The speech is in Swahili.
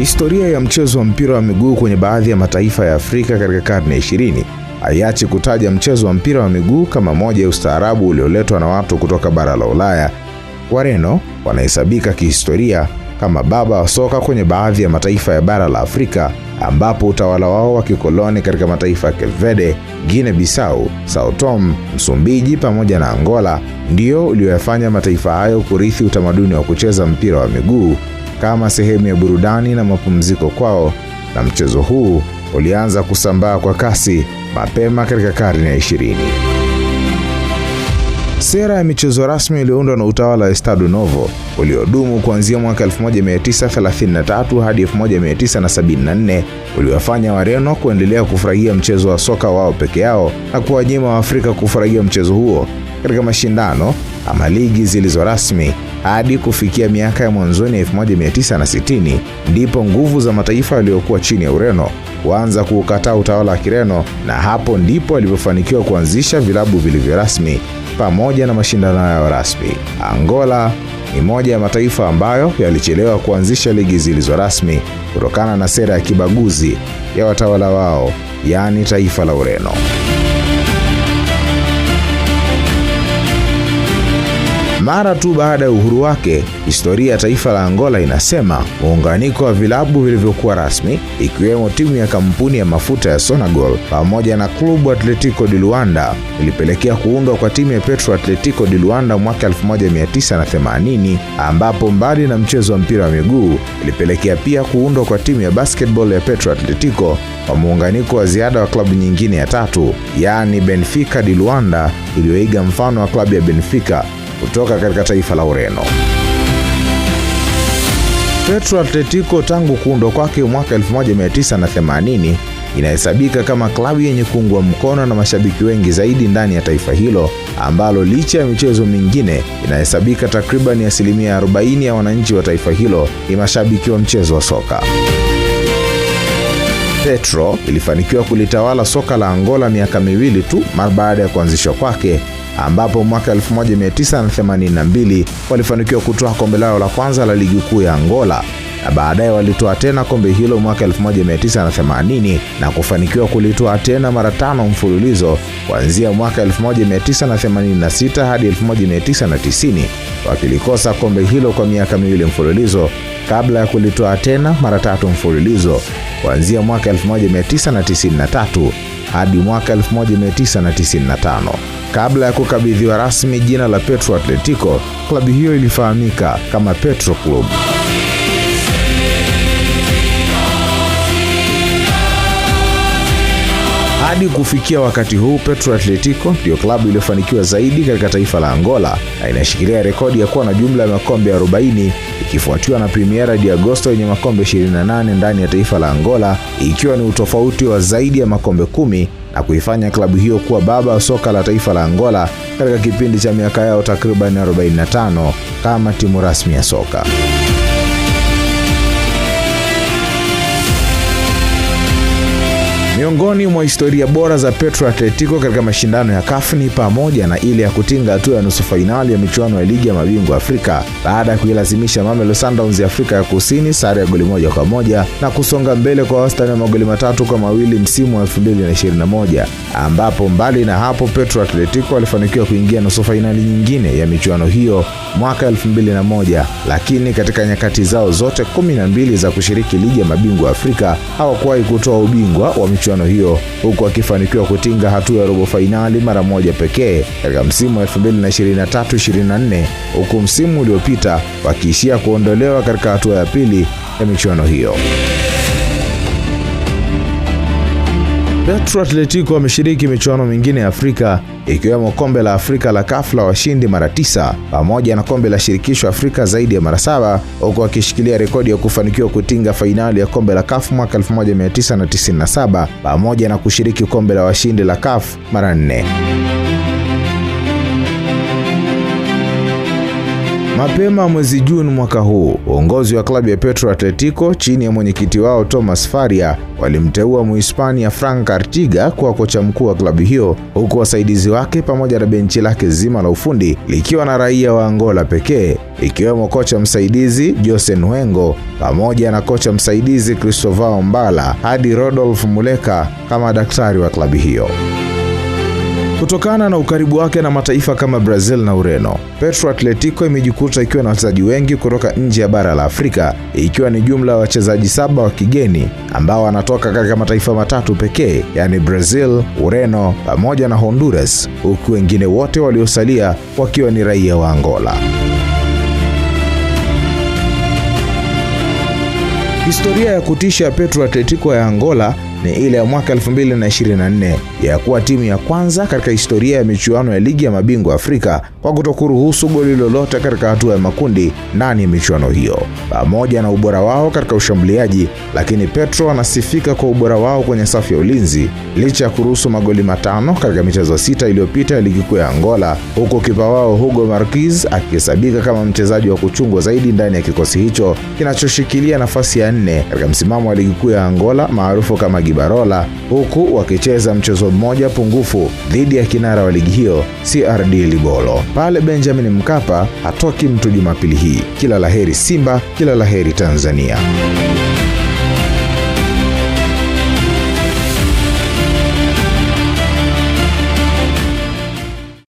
Historia ya mchezo wa mpira wa miguu kwenye baadhi ya mataifa ya Afrika katika karne ya ishirini haiachi kutaja mchezo wa mpira wa miguu kama moja ya ustaarabu ulioletwa na watu kutoka bara la Ulaya. Wareno wanahesabika kihistoria kama baba wa soka kwenye baadhi ya mataifa ya bara la Afrika, ambapo utawala wao wa kikoloni katika mataifa ya Cape Verde, Guinea Bissau, Sao Tome, Msumbiji pamoja na Angola ndiyo ulioyafanya mataifa hayo kurithi utamaduni wa kucheza mpira wa miguu kama sehemu ya burudani na mapumziko kwao, na mchezo huu ulianza kusambaa kwa kasi mapema katika karne ya ishirini. Sera ya michezo rasmi iliyoundwa na utawala wa Estado Novo uliodumu kuanzia mwaka 1933 hadi 1974 uliwafanya Wareno kuendelea kufurahia mchezo wa soka wao peke yao na kuwanyima Waafrika kufurahia mchezo huo katika mashindano ama ligi zilizo rasmi hadi kufikia miaka ya mwanzoni ya 1960 ndipo nguvu za mataifa yaliyokuwa chini ya Ureno kuanza kuukataa utawala wa Kireno, na hapo ndipo alipofanikiwa kuanzisha vilabu vilivyo rasmi pamoja na mashindano yao rasmi. Angola ni moja ya mataifa ambayo yalichelewa kuanzisha ligi zilizo rasmi kutokana na sera ya kibaguzi ya watawala wao, yaani taifa la Ureno. Mara tu baada ya uhuru wake, historia ya taifa la Angola inasema muunganiko wa vilabu vilivyokuwa rasmi, ikiwemo timu ya kampuni ya mafuta ya Sonangol pamoja na klubu Atletico de Luanda ilipelekea kuundwa kwa timu ya Petro Atletico de Luanda mwaka 1980 ambapo mbali na mchezo wa mpira wa miguu ilipelekea pia kuundwa kwa timu ya basketball ya Petro Atletico kwa muunganiko wa ziada wa klabu nyingine ya tatu, yaani Benfica de Luanda iliyoiga mfano wa klabu ya Benfica kutoka katika taifa la Ureno. Petro Atletico tangu kuundwa kwake mwaka 1980 inahesabika kama klabu yenye kuungwa mkono na mashabiki wengi zaidi ndani ya taifa hilo ambalo licha ya michezo mingine inahesabika takriban asilimia 40 ya wananchi wa taifa hilo ni mashabiki wa mchezo wa soka. Petro ilifanikiwa kulitawala soka la Angola miaka miwili tu mara baada ya kuanzishwa kwake ambapo mwaka 1982 walifanikiwa kutoa kombe lao la kwanza la ligi kuu ya Angola na baadaye walitoa tena kombe hilo mwaka 1980 na kufanikiwa kulitoa tena mara tano mfululizo kuanzia mwaka 1986 hadi 1990 wakilikosa kombe hilo kwa miaka miwili mfululizo kabla ya kulitoa tena mara tatu mfululizo kuanzia mwaka 1993 hadi mwaka 1995. Kabla ya kukabidhiwa rasmi jina la Petro Atletico, klabu hiyo ilifahamika kama Petro Club. Hadi kufikia wakati huu Petro Atletico ndiyo klabu iliyofanikiwa zaidi katika taifa la Angola na inashikilia rekodi ya kuwa na jumla ya makombe 40 ikifuatiwa na Primeira de Agosto yenye makombe 28 ndani ya taifa la Angola ikiwa ni utofauti wa zaidi ya makombe kumi na kuifanya klabu hiyo kuwa baba wa soka la taifa la Angola katika kipindi cha miaka yao takriban 45 kama timu rasmi ya soka. Miongoni mwa historia bora za Petro Atletico katika mashindano ya CAF ni pamoja na ile ya kutinga hatua ya nusu fainali ya michuano ya ligi ya mabingwa Afrika baada ya kuilazimisha Mamelodi Sundowns ya Afrika ya Kusini sare ya goli moja kwa moja na kusonga mbele kwa wastani wa magoli matatu kwa mawili msimu wa 2021 ambapo mbali na hapo Petro Atletico alifanikiwa kuingia nusu fainali nyingine ya michuano hiyo mwaka 2001, lakini katika nyakati zao zote 12 za kushiriki ligi ya mabingwa Afrika hawakuwahi kutoa ubingwa wa michuano michuano hiyo huku akifanikiwa kutinga hatua ya robo fainali mara moja pekee katika msimu wa 2023 huku msimu uliopita wakiishia kuondolewa katika hatua ya pili ya michuano hiyo. Petro Atletico wameshiriki michuano mingine ya Afrika ikiwemo kombe la Afrika la CAF la washindi mara tisa pamoja na kombe la shirikisho Afrika zaidi ya mara saba huku wakishikilia rekodi ya kufanikiwa kutinga fainali ya kombe la CAF mwaka 1997 pamoja na kushiriki kombe la washindi la CAF mara nne. Mapema mwezi Juni mwaka huu, uongozi wa klabu ya Petro Atletico chini ya mwenyekiti wao Thomas Faria walimteua Muhispania Frank Artiga kuwa kocha mkuu wa klabu hiyo, huku wasaidizi wake pamoja na benchi lake zima la ufundi likiwa na raia wa Angola pekee, ikiwemo kocha msaidizi Jose Nwengo pamoja na kocha msaidizi Cristovao Mbala hadi Rodolf Muleka kama daktari wa klabu hiyo kutokana na ukaribu wake na mataifa kama Brazil na Ureno. Petro Atletico imejikuta ikiwa na wachezaji wengi kutoka nje ya bara la Afrika, ikiwa ni jumla ya wachezaji saba wa kigeni ambao wanatoka katika mataifa matatu pekee, yaani Brazil, Ureno pamoja na Honduras, huku wengine wote waliosalia wakiwa ni raia wa Angola. Historia ya kutisha ya Petro Atletico ya Angola ni ile ya mwaka 2024 ya kuwa timu ya kwanza katika historia ya michuano ya ligi ya mabingwa Afrika kwa kutokuruhusu goli lolote katika hatua ya makundi ndani ya michuano hiyo. Pamoja na ubora wao katika ushambuliaji, lakini Petro anasifika kwa ubora wao kwenye safu ya ulinzi licha ya kuruhusu magoli matano katika michezo sita iliyopita ya ligi kuu ya Angola, huku kipa wao Hugo Marquez akihesabika kama mchezaji wa kuchungwa zaidi ndani ya kikosi hicho kinachoshikilia nafasi ya nne katika msimamo wa ligi kuu ya Angola maarufu kama ligi Barola huku wakicheza mchezo mmoja pungufu dhidi ya kinara wa ligi hiyo CRD Libolo pale Benjamin Mkapa. Hatoki mtu Jumapili hii. Kila laheri Simba, kila laheri Tanzania.